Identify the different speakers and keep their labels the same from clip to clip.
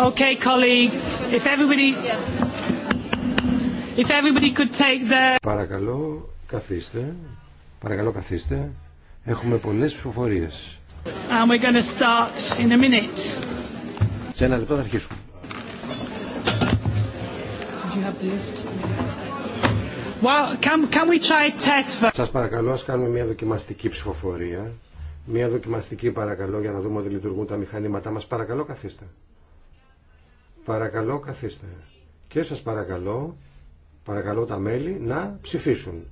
Speaker 1: Okay, colleagues, if everybody, if everybody could take the...
Speaker 2: Παρακαλώ, καθίστε. Παρακαλώ, καθίστε. Έχουμε πολλές ψηφοφορίες.
Speaker 1: And we're going to start in a minute.
Speaker 2: Σε ένα λεπτό θα αρχίσουμε.
Speaker 1: Well, can, can we try test
Speaker 2: for... Σας παρακαλώ, ας κάνουμε μια δοκιμαστική ψηφοφορία. Μια δοκιμαστική παρακαλώ για να δούμε ότι λειτουργούν τα μηχανήματά μας. Παρακαλώ καθίστε. Παρακαλώ καθίστε. Και σας παρακαλώ, παρακαλώ τα μέλη να ψηφίσουν.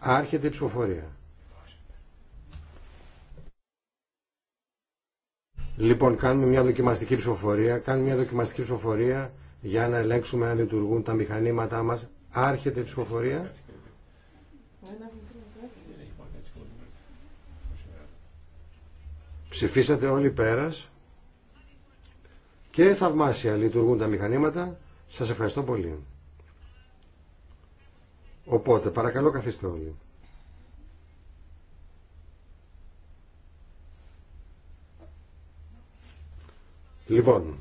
Speaker 2: Άρχεται η ψηφοφορία. Λοιπόν, κάνουμε μια δοκιμαστική ψηφοφορία, κάνουμε μια δοκιμαστική ψηφοφορία για να ελέγξουμε αν λειτουργούν τα μηχανήματά μας. Άρχεται η ψηφοφορία. Ψηφίσατε όλοι πέρας και θαυμάσια λειτουργούν τα μηχανήματα. Σας ευχαριστώ πολύ. Οπότε, παρακαλώ καθίστε όλοι. Λοιπόν,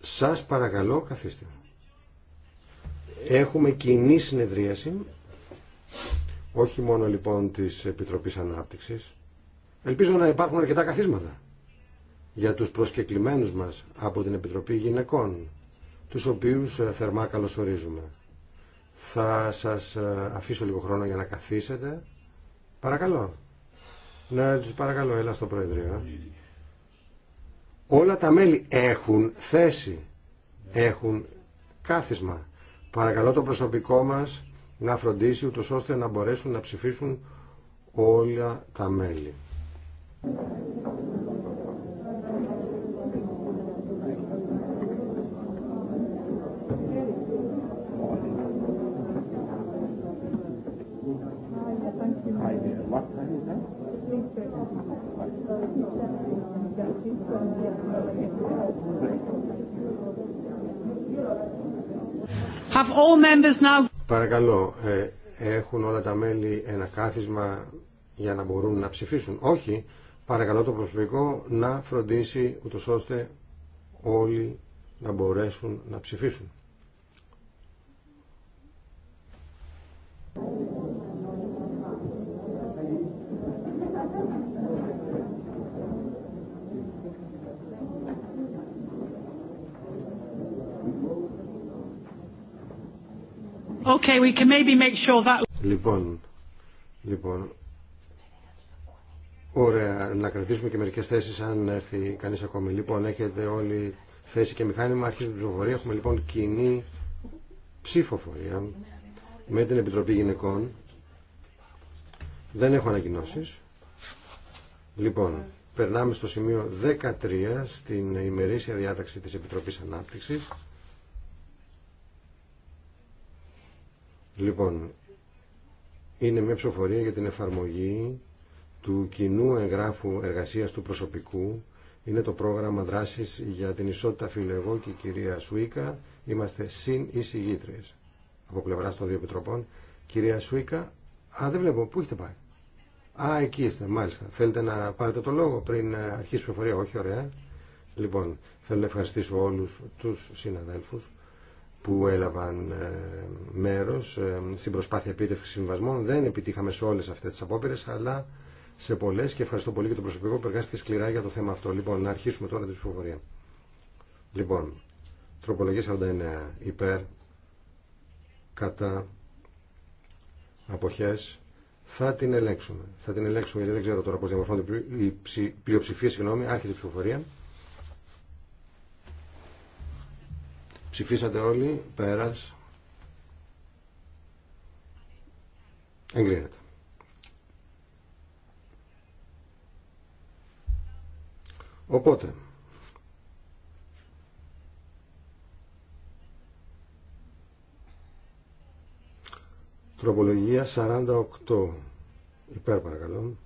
Speaker 2: σας παρακαλώ καθίστε. Έχουμε κοινή συνεδρίαση, όχι μόνο λοιπόν της Επιτροπής Ανάπτυξης, Ελπίζω να υπάρχουν αρκετά καθίσματα για τους προσκεκλημένους μας από την Επιτροπή Γυναικών, τους οποίους ε, θερμά καλωσορίζουμε. Θα σας ε, αφήσω λίγο χρόνο για να καθίσετε. Παρακαλώ. Ναι, τους παρακαλώ, έλα στο Προεδρείο. Όλα τα μέλη έχουν θέση, έχουν κάθισμα. Παρακαλώ το προσωπικό μας να φροντίσει ούτως ώστε να μπορέσουν να ψηφίσουν όλα τα μέλη.
Speaker 1: Have all members now...
Speaker 2: Παρακαλώ, ε, έχουν όλα τα μέλη ένα κάθισμα για να μπορούν να ψηφίσουν. Όχι, παρακαλώ το προσωπικό να φροντίσει ούτω ώστε όλοι να μπορέσουν να ψηφίσουν.
Speaker 1: Okay, we can maybe make sure that...
Speaker 2: Λοιπόν, λοιπόν, Ωραία, να κρατήσουμε και μερικέ θέσει αν έρθει κανεί ακόμη. Λοιπόν, έχετε όλοι θέση και μηχάνημα, αρχίζουμε την πληροφορία. Έχουμε λοιπόν κοινή ψηφοφορία με την Επιτροπή Γυναικών. Δεν έχω ανακοινώσει. Λοιπόν, περνάμε στο σημείο 13 στην ημερήσια διάταξη της Επιτροπής Ανάπτυξης. Λοιπόν, είναι μια ψηφοφορία για την εφαρμογή του κοινού εγγράφου εργασία του προσωπικού. Είναι το πρόγραμμα δράση για την ισότητα φιλεγό και η κυρία Σουίκα. Είμαστε συν εισηγήτριες από πλευρά των δύο επιτροπών. Κυρία Σουίκα, α, δεν βλέπω, πού έχετε πάει. Α, εκεί είστε, μάλιστα. Θέλετε να πάρετε το λόγο πριν ε, αρχίσει η ψηφοφορία. Όχι, ωραία. Λοιπόν, θέλω να ευχαριστήσω όλους τους συναδέλφους που έλαβαν ψηφοφορια οχι ωραια λοιπον θελω να ευχαριστησω ολου του συναδελφου που ελαβαν μερος ε, στην προσπάθεια επίτευξη συμβασμών. Δεν επιτύχαμε σε όλες αυτές τις απόπειρες, αλλά σε πολλέ και ευχαριστώ πολύ και το προσωπικό που εργάστηκε σκληρά για το θέμα αυτό. Λοιπόν, να αρχίσουμε τώρα την ψηφοφορία. Λοιπόν, τροπολογία 49 υπέρ, κατά, αποχές, θα την ελέγξουμε. Θα την ελέγξουμε γιατί δεν ξέρω τώρα πώ διαμορφώνεται η πλειοψηφία. συγγνώμη, Άρχισε η ψηφοφορία. Ψηφίσατε όλοι, πέρας. Εγκρίνεται. Οπότε, τροπολογία 48 υπέρ παρακαλώ.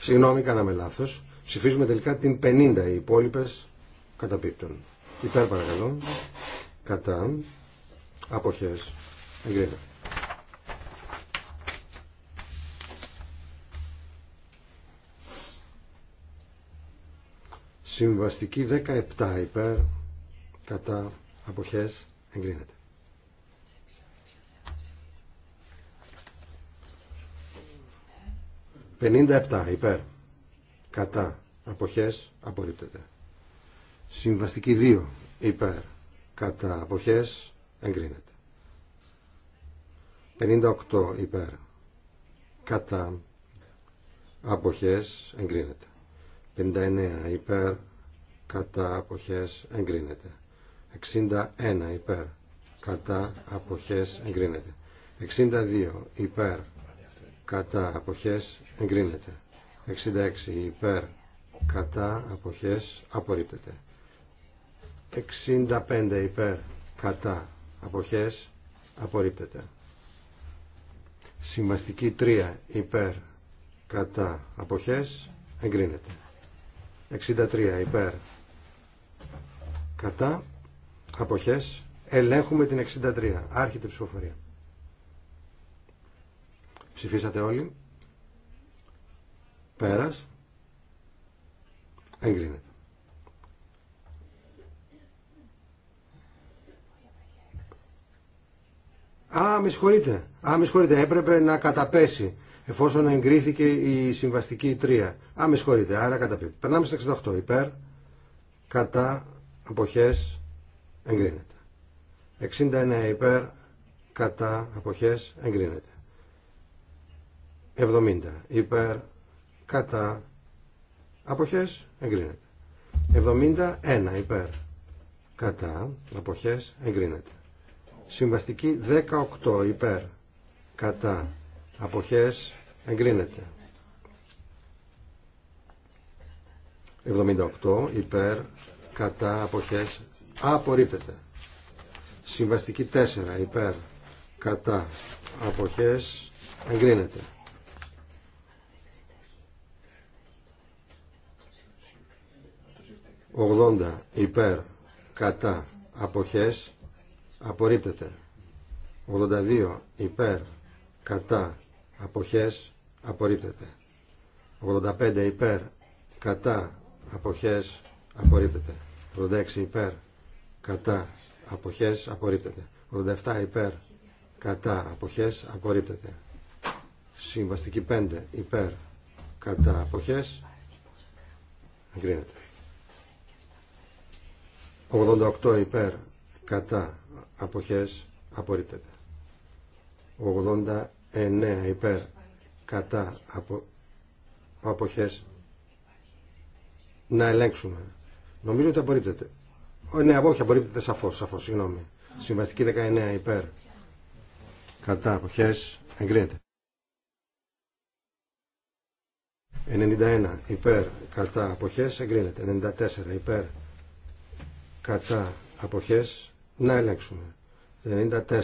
Speaker 2: Συγγνώμη, κάναμε λάθος. Ψηφίζουμε τελικά την 50. Οι υπόλοιπε Υπέρ παρακαλώ. Κατά. Αποχές. Εγκρίνεται. Συμβαστική 17 υπέρ. Κατά. Αποχές. Εγκρίνεται. 57 υπέρ. Κατά. Αποχές. Απορρίπτεται. Συμβαστική 2 υπέρ κατά αποχές εγκρίνεται. 58 υπέρ κατά αποχές εγκρίνεται. 59 υπέρ κατά αποχές εγκρίνεται. 61 υπέρ κατά αποχές εγκρίνεται. 62 υπέρ κατά αποχές εγκρίνεται. 66 υπέρ κατά αποχές απορρίπτεται. 65 υπέρ κατά αποχές απορρίπτεται. Συμβαστική 3 υπέρ κατά αποχές εγκρίνεται. 63 υπέρ κατά αποχές ελέγχουμε την 63. άρχιτε ψηφοφορία. Ψηφίσατε όλοι. Πέρας. Εγκρίνεται. Α, με συγχωρείτε. Α, με συγχωρείτε. Έπρεπε να καταπέσει εφόσον εγκρίθηκε η συμβαστική 3. Α, με συγχωρείτε. Άρα καταπέσει. Περνάμε στα 68. Υπέρ, κατά, αποχές, εγκρίνεται. 69 υπέρ, κατά, αποχές, εγκρίνεται. 70 υπέρ, κατά, αποχές, εγκρίνεται. 71 υπέρ, κατά, αποχές, εγκρίνεται. Συμβαστική 18 υπέρ κατά αποχές εγκρίνεται. 78 υπέρ κατά αποχές απορρίπτεται. Συμβαστική 4 υπέρ κατά αποχές εγκρίνεται. 80 υπέρ κατά αποχές απορρίπτεται 82 υπέρ κατά αποχές απορρίπτεται 85 υπέρ κατά αποχές απορρίπτεται 86 υπέρ κατά αποχές απορρίπτεται 87 υπέρ κατά αποχές απορρίπτεται συμβαστική 5 υπέρ κατά αποχές εγκρίνεται 88 υπέρ κατά αποχές απορρίπτεται 89 υπέρ κατά απο, αποχές να ελέγξουμε νομίζω ότι απορρίπτεται ε, ναι όχι απορρίπτεται σαφώς σαφώς συγγνώμη συμβαστική 19 υπέρ κατά αποχές εγκρίνεται 91 υπέρ κατά αποχές εγκρίνεται 94 υπέρ κατά αποχές να ελέγξουμε. 94.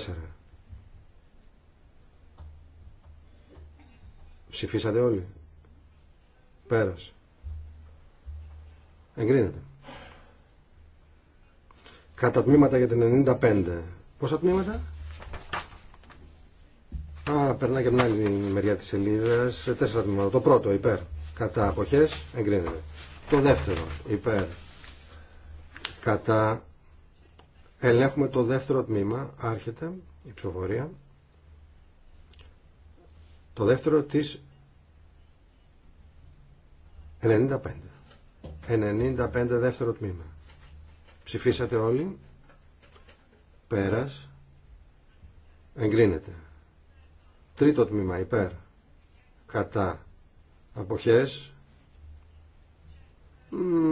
Speaker 2: Ψηφίσατε όλοι. Πέρασε. Εγκρίνεται. Κατά τμήματα για την 95. Πόσα τμήματα? Α, περνά και από την άλλη μεριά της σελίδας. Ε, τέσσερα τμήματα. Το πρώτο, υπέρ. Κατά αποχές, εγκρίνεται. Το δεύτερο, υπέρ. Κατά Ελέγχουμε το δεύτερο τμήμα, άρχεται η ψηφοφορία. Το δεύτερο της 95. 95 δεύτερο τμήμα. Ψηφίσατε όλοι. Πέρας. Εγκρίνεται. Τρίτο τμήμα υπέρ. Κατά. Αποχές.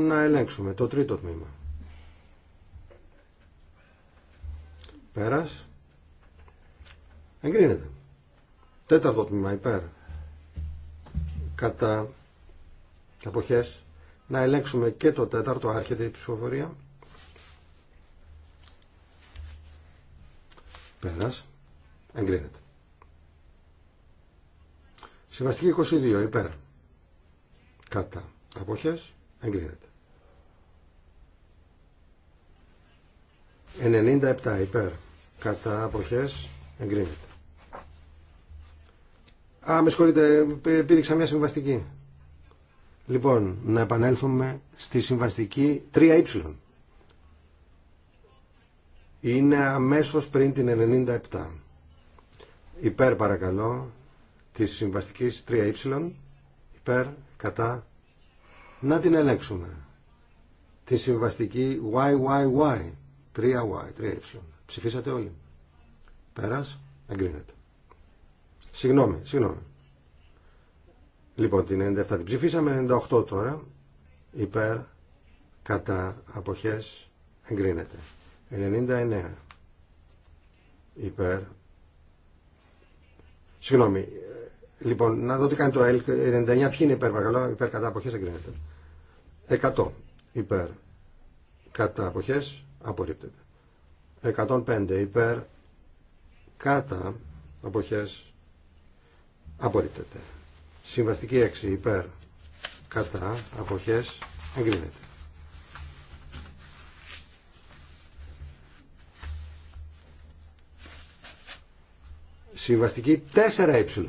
Speaker 2: Να ελέγξουμε το τρίτο τμήμα. Πέρας. Εγκρίνεται. Τέταρτο τμήμα υπέρ. Κατά αποχές. Να ελέγξουμε και το τέταρτο άρχεται η ψηφοφορία. Πέρας. Εγκρίνεται. Συμβαστική 22 υπέρ. Κατά αποχές. Εγκρίνεται.
Speaker 1: 97
Speaker 2: υπέρ. Κατά αποχές εγκρίνεται. Α, με συγχωρείτε, πήδηξα μια συμβαστική. Λοιπόν, να επανέλθουμε στη συμβαστική 3Y. Είναι αμέσως πριν την 97. Υπέρ παρακαλώ τη συμβαστική 3 3Y. Υπέρ, κατά. Να την ελέγξουμε. Τη συμβαστική YYY. 3Y, 3Y. Ψηφίσατε όλοι. Πέρας, εγκρίνεται. Συγγνώμη, συγγνώμη. Λοιπόν, την 97 την ψηφίσαμε, 98 τώρα. Υπέρ, κατά, αποχές, εγκρίνεται. 99. Υπέρ. Συγγνώμη. Ε, λοιπόν, να δω τι κάνει το L. 99 ποιοι είναι υπέρ, παρακαλώ. Υπέρ κατά αποχές εγκρίνεται. 100. Υπέρ κατά αποχές απορρίπτεται. 105 υπέρ κατά αποχές απορρίπτεται. Συμβαστική 6 υπέρ κατά αποχές εγκρίνεται. 4Y.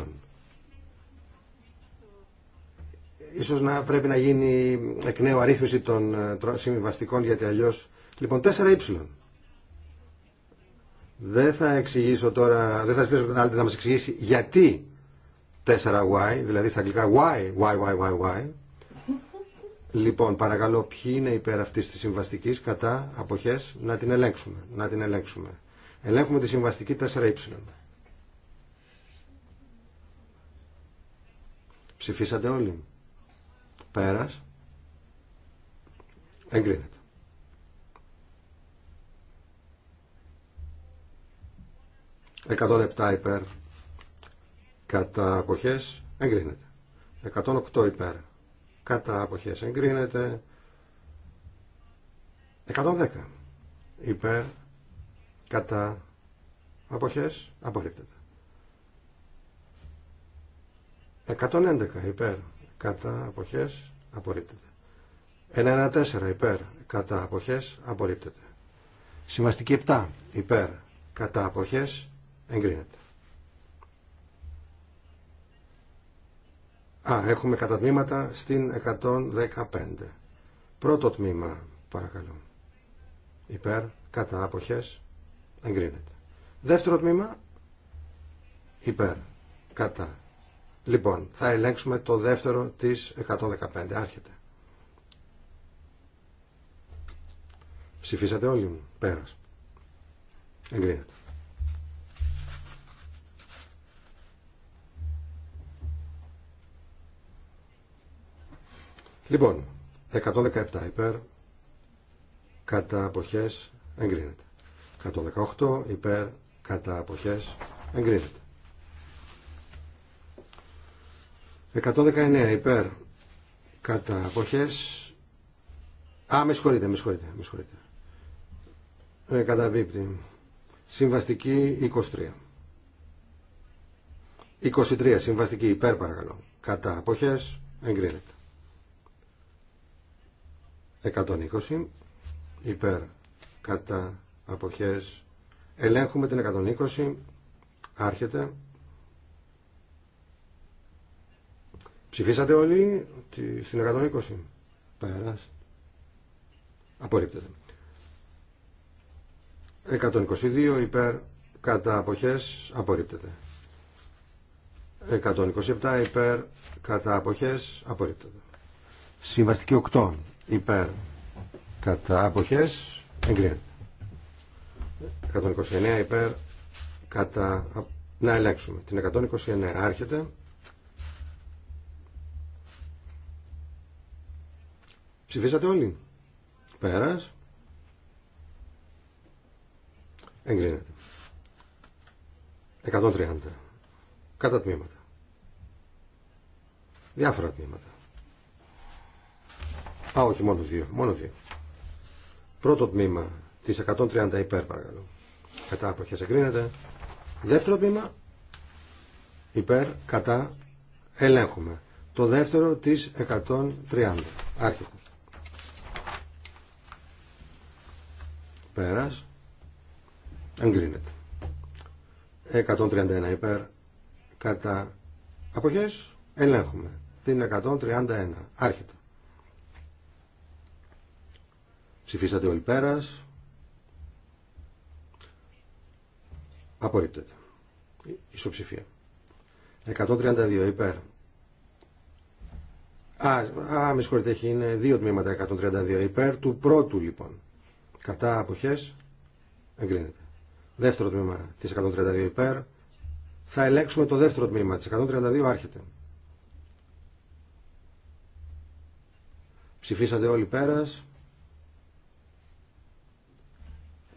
Speaker 2: Ίσως να πρέπει να γίνει εκ νέου αρρύθμιση των ε, συμβαστικών γιατί αλλιώς Λοιπόν, 4Y. Δεν θα εξηγήσω τώρα, δεν θα ζητήσω τον να μας εξηγήσει γιατί 4Y, δηλαδή στα αγγλικά Y, Y, Y, Y, Y. Λοιπόν, παρακαλώ, ποιοι είναι υπέρ αυτή της συμβαστικής κατά αποχές να την ελέγξουμε. Να την ελέγξουμε. Ελέγχουμε τη συμβαστική 4Y. Ψηφίσατε όλοι. Πέρας. Εγκρίνεται. 107 υπέρ κατά αποχές εγκρίνεται. 108 υπέρ κατά αποχές εγκρίνεται. 110 υπέρ κατά αποχές απορρίπτεται. 111 υπέρ κατά αποχές απορρίπτεται. 114 υπέρ κατά αποχές απορρίπτεται. Σημαστική 7 υπέρ κατά αποχές Εγκρίνεται. Α, έχουμε κατά τμήματα στην 115. Πρώτο τμήμα, παρακαλώ. Υπέρ, κατά, αποχές, εγκρίνεται. Δεύτερο τμήμα, υπέρ, κατά. Λοιπόν, θα ελέγξουμε το δεύτερο της 115. Άρχεται. Ψηφίσατε όλοι μου. Πέρας. Εγκρίνεται. Λοιπόν, 117 υπέρ, κατά αποχές εγκρίνεται. 118 υπέρ, κατά αποχές εγκρίνεται. 119 υπέρ, κατά αποχές... Α, με συγχωρείτε, με συγχωρείτε, με συγχωρείτε. Ε, Συμβαστική 23. 23, συμβαστική υπέρ παρακαλώ. Κατά αποχές εγκρίνεται. 120 υπέρ κατά αποχές ελέγχουμε την 120 άρχεται ψηφίσατε όλοι στην 120 πέρας απορρίπτεται 122 υπέρ κατά αποχές απορρίπτεται 127 υπέρ κατά αποχές απορρίπτεται συμβαστική 8 υπέρ κατά αποχές εγκρίνεται 129 υπέρ κατά να ελέγξουμε την 129 άρχεται ψηφίσατε όλοι πέρας εγκρίνεται 130 κατά τμήματα διάφορα τμήματα Α, όχι, μόνο δύο. Μόνο δύο. Πρώτο τμήμα τη 130 υπέρ, παρακαλώ. Κατά αποχέ εγκρίνεται. Δεύτερο τμήμα υπέρ, κατά, ελέγχουμε. Το δεύτερο τη 130. Άρχιχο. Πέρας. Εγκρίνεται. 131 υπέρ. Κατά αποχές. Ελέγχουμε. Την 131. Άρχεται. Ψηφίσατε όλοι πέρας. Απορρίπτεται. Ισοψηφία. 132 υπέρ. Α, α, με συγχωρείτε, έχει είναι δύο τμήματα 132 υπέρ του πρώτου λοιπόν. Κατά αποχές εγκρίνεται. Δεύτερο τμήμα της 132 υπέρ. Θα ελέγξουμε το δεύτερο τμήμα της 132 άρχεται. Ψηφίσατε όλοι πέρας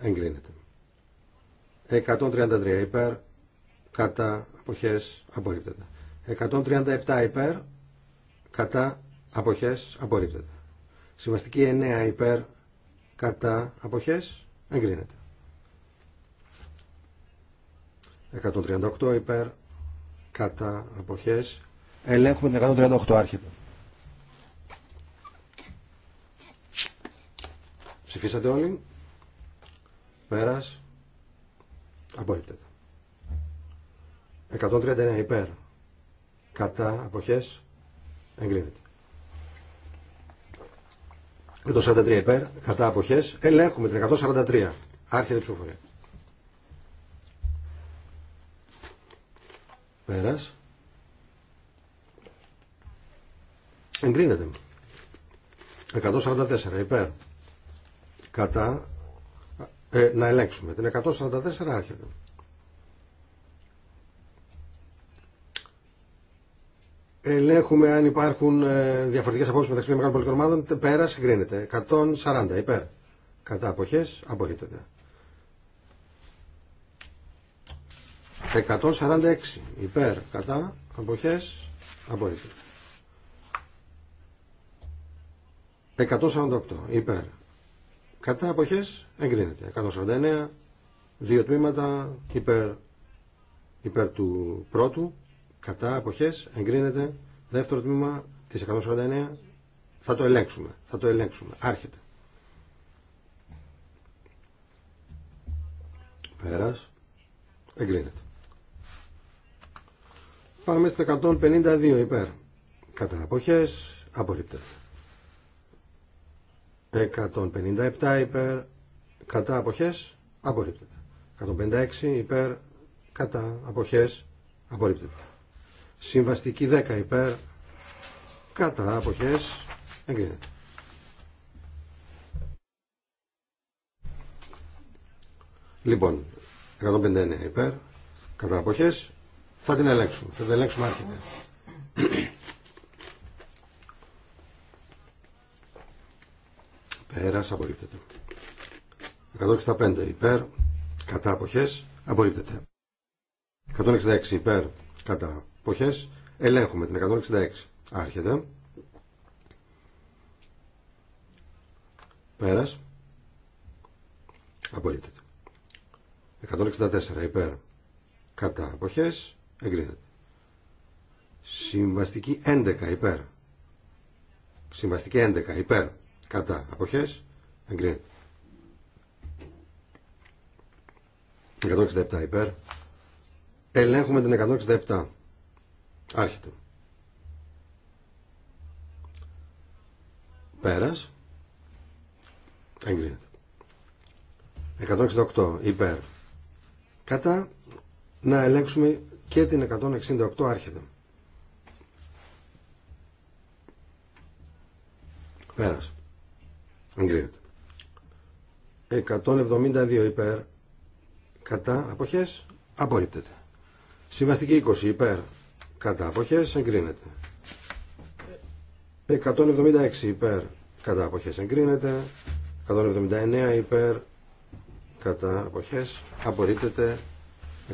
Speaker 2: εγκρίνεται. 133 υπέρ, κατά αποχές απορρίπτεται. 137 υπέρ, κατά αποχές απορρίπτεται. Συμβαστική 9 υπέρ, κατά αποχές εγκρίνεται. 138 υπέρ, κατά αποχές. Ελέγχουμε την 138 άρχεται. Ψηφίσατε όλοι. Πέρας. Απορρίπτεται. 139 υπέρ. Κατά αποχές. Εγκρίνεται. Με το 43 υπέρ. Κατά αποχές. Ελέγχουμε την 143. Άρχεται η ψηφοφορία. Πέρας. Εγκρίνεται. 144 υπέρ. Κατά ε, να ελέγξουμε. Την 144 άρχεται. Ελέγχουμε αν υπάρχουν ε, διαφορετικές απόψεις μεταξύ των μεγάλων πολιτικών ομάδων. Πέρα συγκρίνεται. 140 υπέρ. Κατά αποχέ απορρίπτεται. 146 υπέρ. Κατά αποχέ, απορρίπτεται. 148 υπέρ. Κατά εποχέ εγκρίνεται. 149, δύο τμήματα υπέρ, υπέρ του πρώτου. Κατά εποχέ, εγκρίνεται. Δεύτερο τμήμα της 149 θα το ελέγξουμε. Θα το ελέγξουμε. Άρχεται. Πέρας. Εγκρίνεται. Πάμε στην 152 υπέρ. Κατά αποχές απορρίπτεται. 157 υπέρ κατά αποχές απορρίπτεται. 156 υπέρ κατά αποχές απορρίπτεται. Συμβαστική 10 υπέρ κατά αποχές εγκρίνεται. Λοιπόν, 159 υπέρ κατά αποχές θα την ελέγξουμε. Θα την ελέγξουμε άρχιτε. Πέρας απορρίπτεται. 165 υπέρ, κατά αποχές, απορρίπτεται. 166 υπέρ, κατά αποχές, ελέγχουμε την 166. Άρχεται. Πέρας. Απορρίπτεται. 164 υπέρ, κατά αποχές, εγκρίνεται. Συμβαστική 11 υπέρ. Συμβαστική 11 υπέρ Κατά. Αποχές. Εγκρίνεται. 167 υπέρ. Ελέγχουμε την 167. Άρχεται. Πέρας. Εγκρίνεται. 168 υπέρ. Κατά να ελέγξουμε και την 168 άρχεται. Πέρας. Εγκρίνεται. 172 υπέρ. Κατά αποχές. Απορρίπτεται. Συμβαστική 20 υπέρ. Κατά αποχές. Εγκρίνεται. 176 υπέρ. Κατά αποχές. Εγκρίνεται. 179 υπέρ. Κατά αποχές. Απορρίπτεται.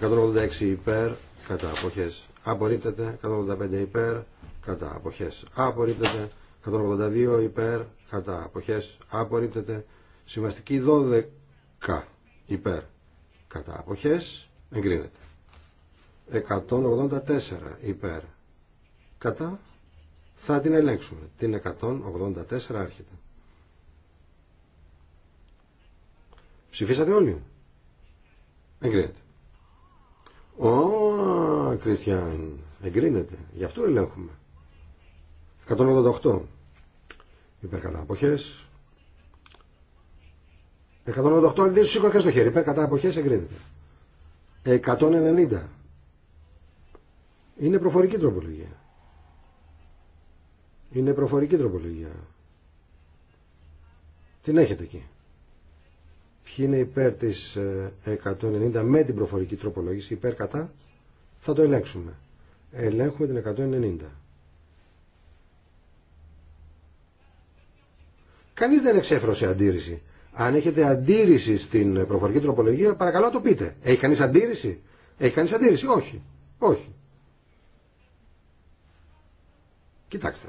Speaker 2: 186 υπέρ. Κατά αποχές. Απορρίπτεται. 185 υπέρ. Κατά αποχές. Απορρίπτεται. 182 υπέρ κατά αποχές απορρίπτεται σημαστική 12 υπέρ κατά αποχές εγκρίνεται 184 υπέρ κατά θα την ελέγξουμε την 184 άρχεται ψηφίσατε όλοι εγκρίνεται Ω, Κριστιαν, εγκρίνεται. Γι' αυτό ελέγχουμε. 188. Υπέρ κατά αποχές. 188 σήκω και στο χέρι. Υπέρ κατά αποχές εγκρίνεται. 190. Είναι προφορική τροπολογία. Είναι προφορική τροπολογία. Την έχετε εκεί. Ποιοι είναι υπέρ της 190 ε, με την προφορική τροπολόγηση, υπέρ κατά, θα το ελέγξουμε. Ελέγχουμε την 190. Κανείς δεν εξέφρασε αντίρρηση. Αν έχετε αντίρρηση στην προφορική τροπολογία, παρακαλώ να το πείτε. Έχει κανείς αντίρρηση? Έχει κανείς αντίρρηση? Όχι. Όχι. Κοιτάξτε.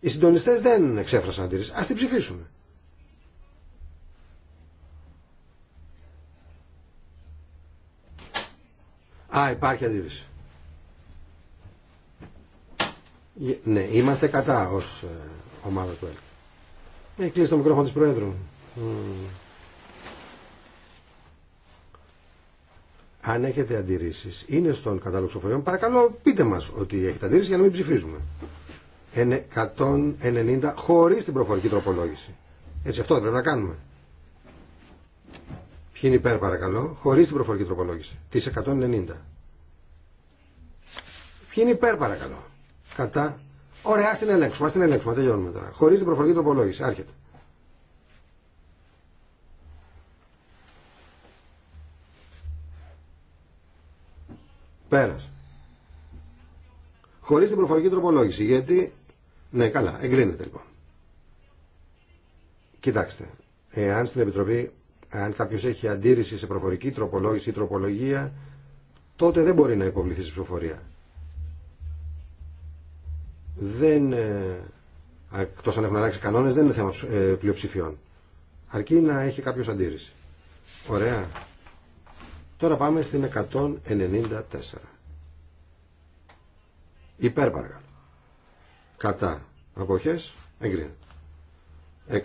Speaker 2: Οι συντονιστέ δεν εξέφρασαν αντίρρηση. Ας την ψηφίσουμε. Α, υπάρχει αντίρρηση. Ε, ναι, είμαστε κατά ως ε, ομάδα του ΕΛΚ. Έχει κλείσει το μικρόφωνο της Προέδρου. Mm. Αν έχετε αντιρρήσεις, είναι στον κατάλογο ψηφοφοριών, παρακαλώ πείτε μας ότι έχετε αντιρρήσεις για να μην ψηφίζουμε. 190 χωρίς την προφορική τροπολόγηση. Έτσι αυτό δεν πρέπει να κάνουμε. Ποιοι είναι υπέρ παρακαλώ, χωρίς την προφορική τροπολόγηση. Τις 190. Ποιοι είναι υπέρ παρακαλώ. Κατά Ωραία, α την ελέγξουμε, α την ελέγξουμε, τελειώνουμε τώρα. Χωρί την προφορική τροπολόγηση. Άρχεται. Πέρας. Χωρίς την προφορική τροπολόγηση, γιατί... Ναι, καλά, εγκρίνεται λοιπόν. Κοιτάξτε, εάν στην Επιτροπή, αν κάποιο έχει αντίρρηση σε προφορική τροπολόγηση ή τροπολογία, τότε δεν μπορεί να υποβληθεί σε ψηφοφορία δεν, ε, εκτός αν έχουν αλλάξει κανόνες, δεν είναι θέμα ε, πλειοψηφιών. Αρκεί να έχει κάποιο αντίρρηση. Ωραία. Τώρα πάμε στην 194. Υπέρ Κατά. Αποχές. Εγκρίνεται.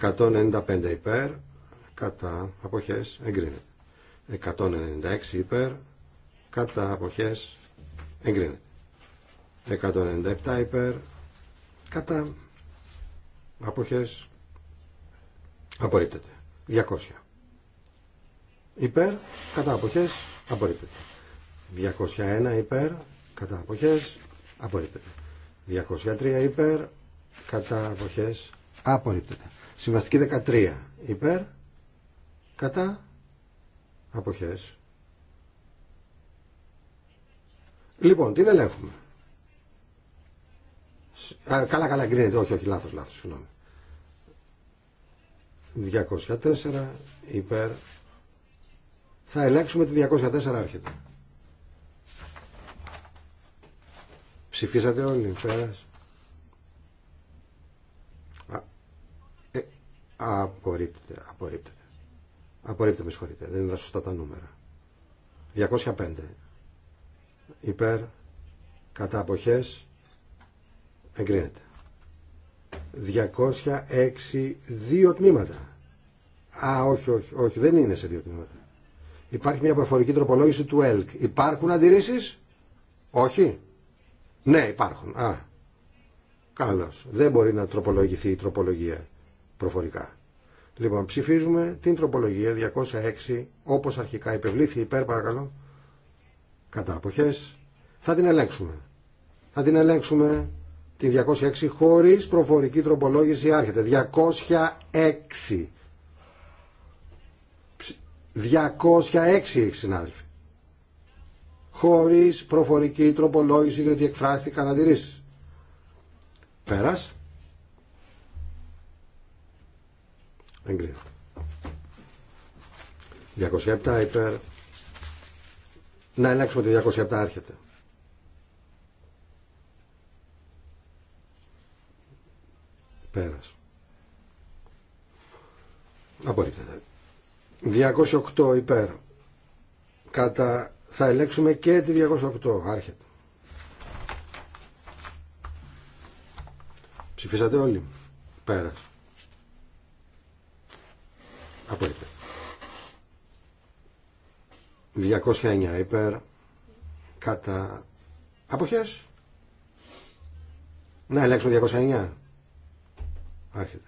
Speaker 2: 195 υπέρ. Κατά. Αποχές. Εγκρίνεται. 196 υπέρ. Κατά. Αποχές. Εγκρίνεται. 197 υπέρ κατά αποχές απορρίπτεται 200 υπέρ κατά αποχές απορρίπτεται 201 υπέρ κατά αποχές απορρίπτεται 203 υπέρ κατά αποχές απορρίπτεται συμβαστική 13 υπέρ κατά αποχές λοιπόν την ελέγχουμε Καλά, καλά, εγκρίνεται. Όχι, όχι, λάθος, λάθος, συγγνώμη. 204 υπέρ. Θα ελέγξουμε τη 204 έρχεται Ψηφίσατε όλοι, πέρας. Α, ε, απορρίπτεται, απορρίπτεται. Απορρίπτεται, με συγχωρείτε. Δεν είναι σωστά τα νούμερα. 205 υπέρ κατά αποχές Εγκρίνεται. 206 δύο τμήματα. Α, όχι, όχι, όχι, δεν είναι σε δύο τμήματα. Υπάρχει μια προφορική τροπολόγηση του ΕΛΚ. Υπάρχουν αντιρρήσεις? Όχι. Ναι, υπάρχουν. Α, καλώς. Δεν μπορεί να τροπολογηθεί η τροπολογία προφορικά. Λοιπόν, ψηφίζουμε την τροπολογία 206, όπως αρχικά υπευλήθη υπέρ, παρακαλώ, κατά αποχές. Θα την ελέγξουμε. Θα την ελέγξουμε την 206 χωρίς προφορική τροπολόγηση άρχεται. 206. 206 συνάδελφοι. Χωρίς προφορική τροπολόγηση διότι εκφράστηκαν αντιρρήσεις. Πέρας. Εγκρίνεται. 207 υπέρ. Να ελέγξουμε τη 207 άρχεται. Πέρας. Απορρίπτεται. 208 υπέρ. Κατά... Θα ελέγξουμε και τη 208. Άρχεται. Ψηφίσατε όλοι. πέρα. Απορρίπτεται. 209 υπέρ. Κατά... Αποχές. Να ελέγξω 209. Άρχεται.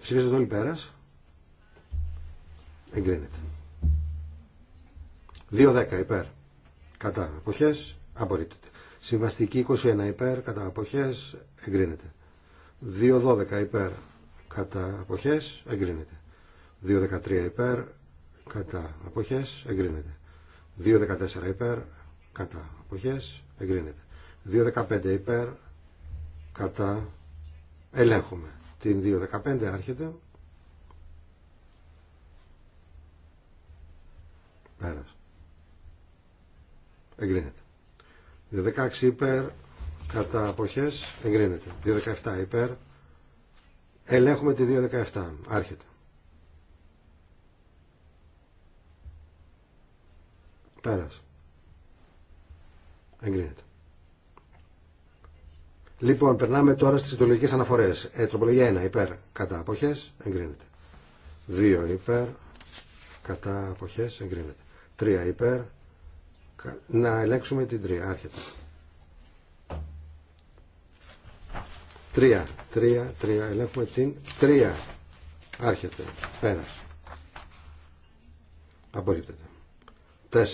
Speaker 2: Ψηφίζονται περα πέρας. Εγκρίνεται. 2-10 υπέρ. Κατά αποχέ. απορρίπτεται. Συμβαστική 21 υπέρ. Κατά αποχές εγκρίνεται. 2-12 υπέρ. κατα αποχε αποχές εγκρίνεται. 2-13 υπέρ. Κατά αποχε εγκρινεται εγκρίνεται. 2-14 υπέρ. Κατά αποχέ. εγκρίνεται. 2.15 υπέρ κατά ελέγχουμε την 2.15 άρχεται πέρας εγκρίνεται 2.16 υπέρ κατά αποχές εγκρίνεται 2.17 υπέρ ελέγχουμε τη 2.17 άρχεται πέρας εγκρίνεται Λοιπόν, περνάμε τώρα στι συντολικέ αναφορέ. Ε, τροπολογία 1, υπέρ, κατά, αποχέ, εγκρίνεται. 2, υπέρ, κατά, αποχέ, εγκρίνεται. 3, υπέρ, κα... να ελέγξουμε την 3, άρχεται. 3, 3, 3, ελέγχουμε την 3, άρχεται, Πέρα. Απορρίπτεται. 4,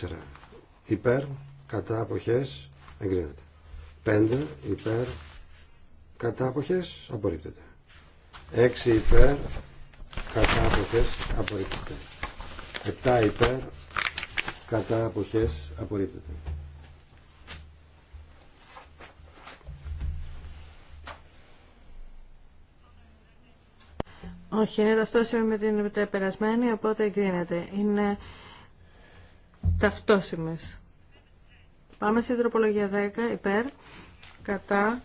Speaker 2: υπέρ, κατά, αποχές, εγκρίνεται. 5, υπέρ, κατά αποχές απορρίπτεται 6 υπέρ κατά αποχές απορρίπτεται 7 υπέρ κατά αποχές απορρίπτεται
Speaker 1: Όχι, είναι ταυτόσιμη με την περασμένη, οπότε εγκρίνεται. Είναι ταυτόσιμες. Πάμε στην τροπολογία 10, υπέρ, κατά,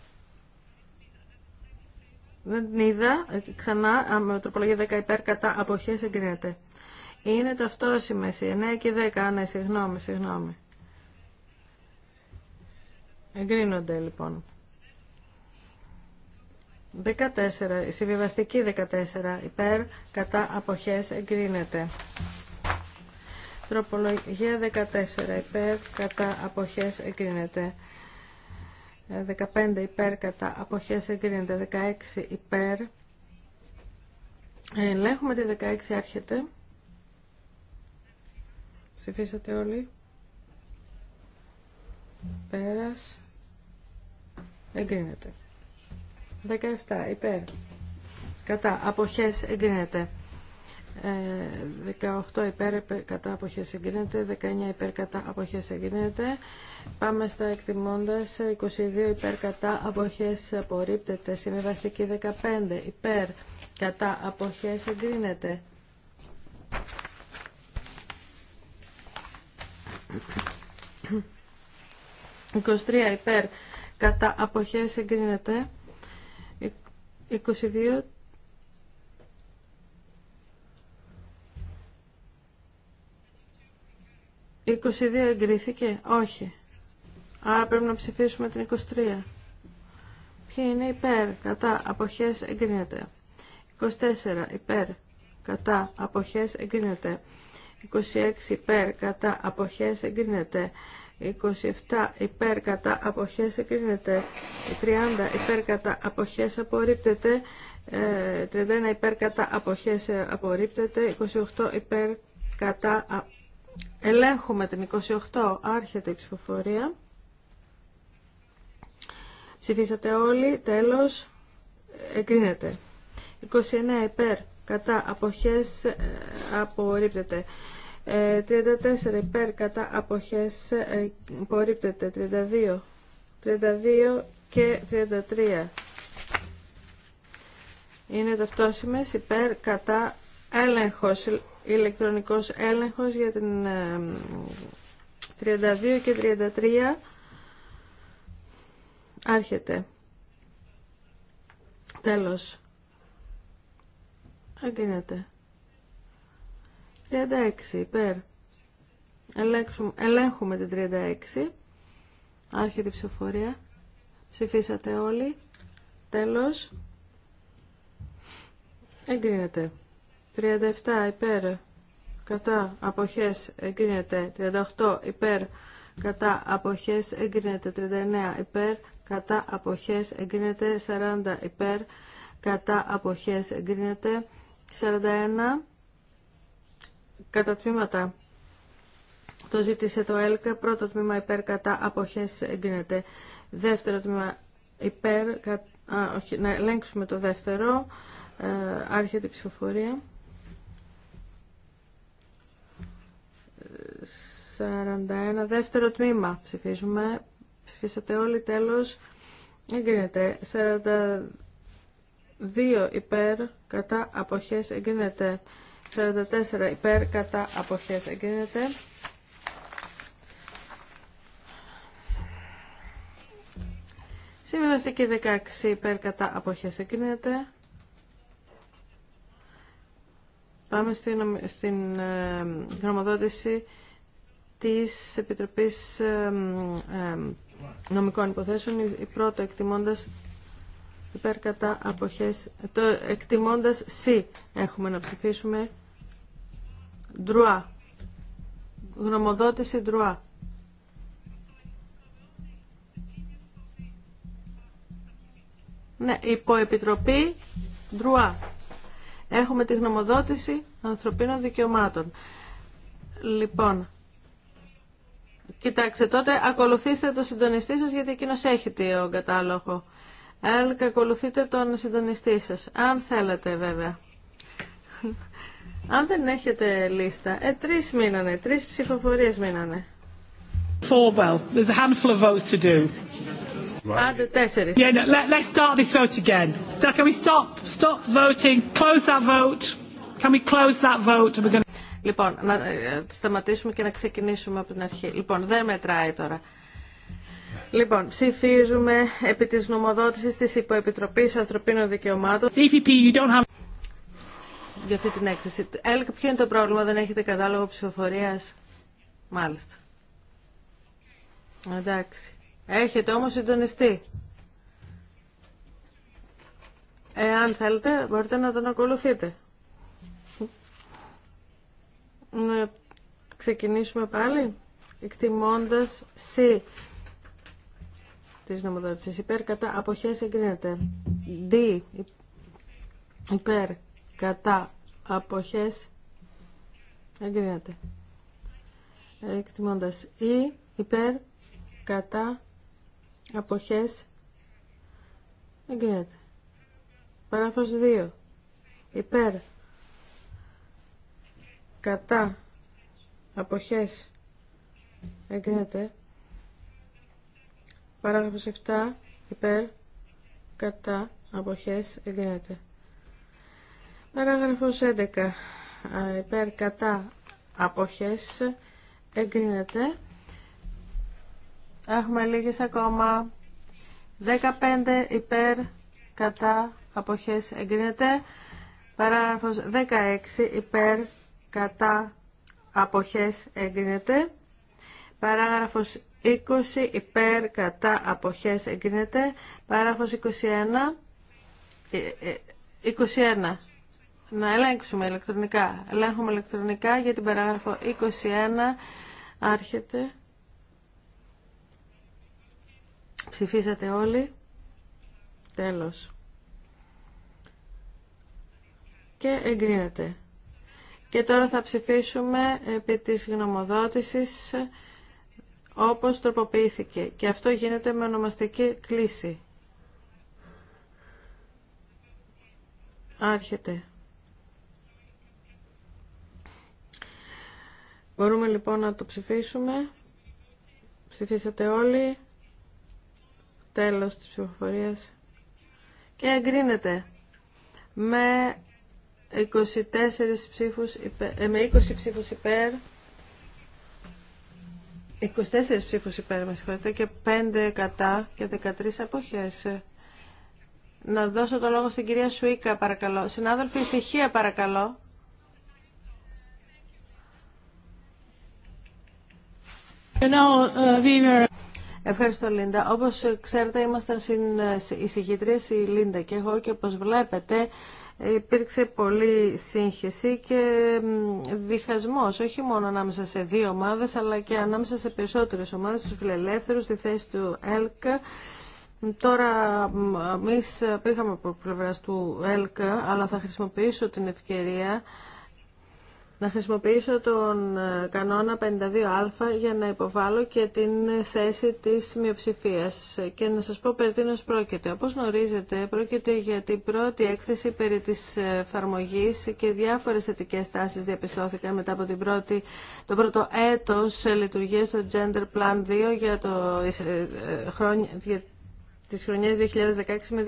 Speaker 1: δεν την είδα. Ε, ξανά, με τροπολογία 10 υπέρ κατά αποχές εγκρίνεται. Είναι ταυτόσημε οι 9 και 10. Ναι, συγγνώμη, συγγνώμη. Εγκρίνονται λοιπόν. 14. συμβιβαστική 14 υπέρ κατά απόχέ εγκρίνεται. Τροπολογία 14 υπέρ κατά αποχέ εγκρίνεται. 15 υπέρ κατά αποχές εγκρίνεται 16 υπέρ ελέγχουμε τη 16 άρχεται ψηφίσατε όλοι πέρας εγκρίνεται 17 υπέρ κατά αποχές εγκρίνεται 18 ε, υπέρ κατά αποχές εγκρίνεται, 19 υπέρ κατά αποχές εγκρίνεται. Πάμε στα εκτιμώντας, 22 ε, υπέρ κατά αποχές απορρίπτεται, συμβιβαστική 15 υπέρ κατά αποχές εγκρίνεται. «23 υπέρ κατά αποχές εγκρίνεται, 22 ε, 22 εγκρίθηκε. Όχι. Άρα πρέπει να ψηφίσουμε την 23. Ποιοι είναι υπέρ. Κατά. Αποχές εγκρίνεται. 24 υπέρ. Κατά. Αποχές εγκρίνεται. 26 υπέρ. Κατά. Αποχές εγκρίνεται. 27 υπέρ κατά αποχές εγκρίνεται, 30 υπέρ κατά αποχές απορρίπτεται, 31 ε, υπέρ κατά αποχές ε, απορρίπτεται, 28 υπέρ κατά Ελέγχουμε την 28. Άρχεται η ψηφοφορία. Ψηφίσατε όλοι. Τέλος. Εγκρίνεται. 29 υπέρ. Κατά αποχές ε, απορρίπτεται. 34 ε, υπέρ. Κατά αποχές ε, απορρίπτεται. 32. 32 και 33. Είναι ταυτόσιμες υπέρ κατά Έλεγχος, ηλεκτρονικός έλεγχος για την 32 ε, και 33 άρχεται. Τέλος. Αγκρίνεται. 36 υπέρ. Ελέξουμε, ελέγχουμε την 36. Άρχεται η ψηφοφορία. Ψηφίσατε όλοι. Τέλος. Εγκρίνεται. 37 υπέρ κατά αποχές εγκρίνεται 38 υπέρ κατά αποχές εγκρίνεται 39 υπέρ κατά αποχές εγκρίνεται 40 υπέρ κατά αποχές εγκρίνεται 41 κατά τμήματα το ζήτησε το ΕΛΚ πρώτο τμήμα υπέρ κατά αποχές εγκρίνεται δεύτερο τμήμα υπέρ κα, να ελέγξουμε το δεύτερο ε, άρχεται η ψηφοφορία 41 δεύτερο τμήμα ψηφίζουμε ψηφίσατε όλοι τέλος εγκρίνεται 42 υπέρ κατά αποχές εγκρίνεται 44 υπέρ κατά αποχές εγκρίνεται 16 υπέρ κατά αποχές εγκρίνεται Πάμε στην, στην ε, γνωμοδότηση της Επιτροπής Νομικών Υποθέσεων, η πρώτο εκτιμώντας υπέρ κατά αποχές, το εκτιμώντας C έχουμε να ψηφίσουμε δρούα. γνωμοδότηση δρούα. Ναι, επιτροπή δρούα. Έχουμε τη γνωμοδότηση ανθρωπίνων δικαιωμάτων. Λοιπόν, Κοιτάξτε, τότε ακολουθήστε τον συντονιστή σας γιατί εκείνος έχει τον κατάλογο. Έλκα, ακολουθείτε τον συντονιστή σας. Αν θέλετε βέβαια. Αν δεν έχετε λίστα, ε, τρεις μείνανε, τρεις ψηφοφορίες μείνανε. Four, well, there's a handful of votes to do. Άντε τέσσερις. Yeah, no, let, let's start this vote again. Can we stop, stop voting, close that vote? Can we close that vote? Are we going Λοιπόν, να ε, ε, σταματήσουμε και να ξεκινήσουμε από την αρχή. Λοιπόν, δεν μετράει τώρα. Λοιπόν, ψηφίζουμε επί της νομοδότησης της Υποεπιτροπής Ανθρωπίνων Δικαιωμάτων. you don't have... Για αυτή την έκθεση. Ελκ, ποιο είναι το πρόβλημα, δεν έχετε κατάλογο ψηφοφορίας. Μάλιστα. Εντάξει. Έχετε όμως συντονιστεί. Εάν θέλετε, μπορείτε να τον ακολουθείτε. Να ξεκινήσουμε πάλι εκτιμώντας C της νομοδότησης υπέρ κατά αποχές εγκρίνεται D υπέρ κατά αποχές εγκρίνεται εκτιμώντας E υπέρ κατά αποχές εγκρίνεται παράγραφος 2 υπέρ κατά αποχές εγκρίνεται παράγραφος 7 υπέρ κατά αποχές εγκρίνεται παράγραφος 11 υπέρ κατά αποχές εγκρίνεται έχουμε λίγες ακόμα 15 υπέρ κατά αποχές εγκρίνεται παράγραφος 16 υπέρ κατά αποχές εγκρίνεται. Παράγραφος 20 υπέρ κατά αποχές εγκρίνεται. Παράγραφος 21. 21. Ε, ε, Να ελέγξουμε ηλεκτρονικά. Ελέγχουμε ηλεκτρονικά για την παράγραφο 21. Άρχεται. Ψηφίσατε όλοι. Τέλος. Και εγκρίνεται. Και τώρα θα ψηφίσουμε επί της γνωμοδότησης όπως τροποποιήθηκε. Και αυτό γίνεται με ονομαστική κλίση. Άρχεται. Μπορούμε λοιπόν να το ψηφίσουμε. Ψηφίσατε όλοι. Τέλος της ψηφοφορίας. Και εγκρίνεται με 24 ψήφους ε, με 20 ψήφους υπέρ 24 ψήφους υπέρ με και 5 κατά και 13 αποχές να δώσω το λόγο στην κυρία Σουίκα παρακαλώ συνάδελφοι ησυχία παρακαλώ uh, Ευχαριστώ Λίντα. Όπως ξέρετε ήμασταν ε, εισηγητρίες η Λίντα και εγώ και όπως βλέπετε υπήρξε πολλή σύγχυση και διχασμός, όχι μόνο ανάμεσα σε δύο ομάδες, αλλά και ανάμεσα σε περισσότερες ομάδες, στους φιλελεύθερους, στη θέση του ΕΛΚ. Τώρα, εμείς πήγαμε από πλευρά του ΕΛΚ, αλλά θα χρησιμοποιήσω την ευκαιρία να χρησιμοποιήσω τον ε, κανόνα 52α για να υποβάλω και την θέση της μειοψηφία. Και να σας πω περί τίνος πρόκειται. Όπως γνωρίζετε, πρόκειται για την πρώτη έκθεση περί της εφαρμογή και διάφορες θετικές τάσεις διαπιστώθηκαν μετά από την πρώτη, το πρώτο έτος λειτουργίας του Gender Plan 2 για το, ε, ε, χρόνια, Τη χρονία 2016 με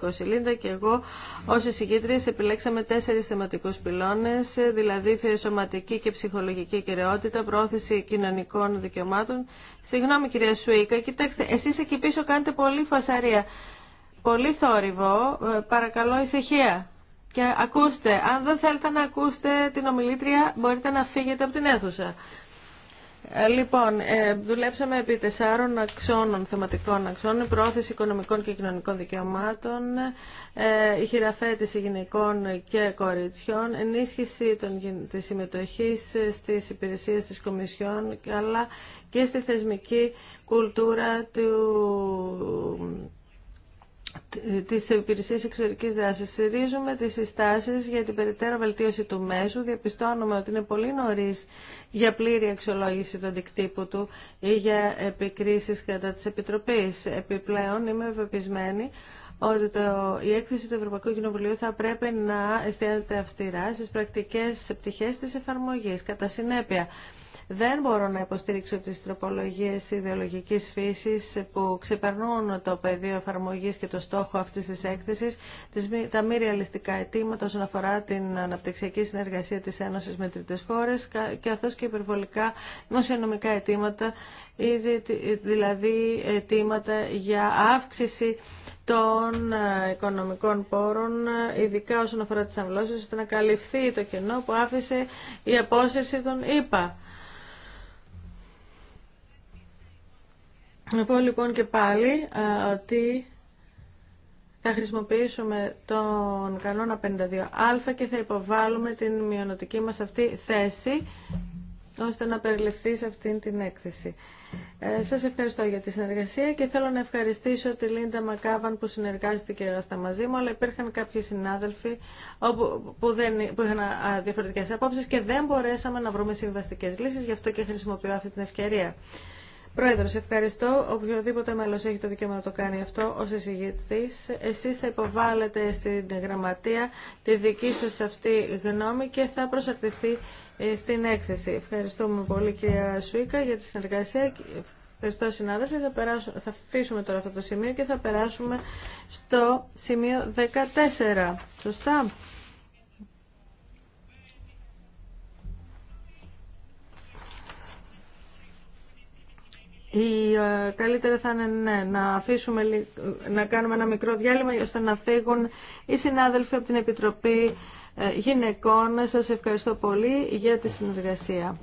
Speaker 1: 2020. Λίντα και εγώ ως εισηγήτριες επιλέξαμε τέσσερις θεματικούς πυλώνες, δηλαδή σωματική και ψυχολογική κυριότητα, πρόθεση κοινωνικών δικαιωμάτων. Συγγνώμη κυρία Σουίκα, κοιτάξτε, εσείς εκεί πίσω κάνετε πολύ φασαρία, πολύ θόρυβο, ε, παρακαλώ ησυχία. Και ακούστε, αν δεν θέλετε να ακούσετε την ομιλήτρια, μπορείτε να φύγετε από την αίθουσα. Ε, λοιπόν, ε, δουλέψαμε επί τεσσάρων αξώνων, θεματικών αξώνων, πρόθεση οικονομικών και κοινωνικών δικαιωμάτων, ε, η χειραφέτηση γυναικών και κοριτσιών, ενίσχυση των, της συμμετοχής στις υπηρεσίες της Κομισιόν, αλλά και στη θεσμική κουλτούρα του τις υπηρεσίε Εξωτερικής Δράσης. Συρίζουμε τις συστάσεις για την περαιτέρω βελτίωση του μέσου. Διαπιστώνουμε ότι είναι πολύ νωρίς για πλήρη αξιολόγηση του αντικτύπου του ή για επικρίσεις κατά της επιτροπη Επιπλέον είμαι ευεπισμενη ότι η έκθεση του Ευρωπαϊκού Κοινοβουλίου θα πρέπει να εστιάζεται αυστηρά στις πρακτικές πτυχές της εφαρμογη Κατά συνέπεια, δεν μπορώ να υποστήριξω τι τροπολογίε ιδεολογική φύση που ξεπερνούν το πεδίο εφαρμογή και το στόχο αυτή τη έκθεση, τα μη ρεαλιστικά αιτήματα όσον αφορά την αναπτυξιακή συνεργασία τη Ένωση με τρίτε χώρε, καθώ και υπερβολικά δημοσιονομικά αιτήματα, δηλαδή αιτήματα για αύξηση των ε, οικονομικών πόρων, ε, ειδικά όσον αφορά τις αμβλώσεις, ώστε να καλυφθεί το κενό που άφησε η απόσυρση των ΗΠΑ. Να πω λοιπόν και πάλι ότι θα χρησιμοποιήσουμε τον κανόνα 52α και θα υποβάλουμε την μειονοτική μας αυτή θέση ώστε να περιληφθεί σε αυτήν την έκθεση. Ε, σας ευχαριστώ για τη συνεργασία και θέλω να ευχαριστήσω τη Λίντα Μακάβαν που συνεργάστηκε εργαστά μαζί μου, αλλά υπήρχαν κάποιοι συνάδελφοι που, δεν, που είχαν διαφορετικές απόψεις και δεν μπορέσαμε να βρούμε συμβαστικές λύσεις, γι' αυτό και χρησιμοποιώ αυτή την ευκαιρία. Πρόεδρος, ευχαριστώ. Οποιοδήποτε μέλος έχει το δικαίωμα να το κάνει αυτό ως εισηγητής. Εσείς θα υποβάλλετε στην γραμματεία τη δική σας αυτή γνώμη και θα προσαρτηθεί ε, στην έκθεση. Ευχαριστούμε πολύ κυρία Σουίκα για τη συνεργασία. Ευχαριστώ συνάδελφοι. Θα, περάσω, θα αφήσουμε τώρα αυτό το σημείο και θα περάσουμε στο σημείο 14. Σωστά. Η, ε, καλύτερα θα είναι ναι, να αφήσουμε να κάνουμε ένα μικρό διάλειμμα ώστε να φύγουν οι συνάδελφοι από την Επιτροπή ε, Γυναικών. Σας ευχαριστώ πολύ για τη συνεργασία.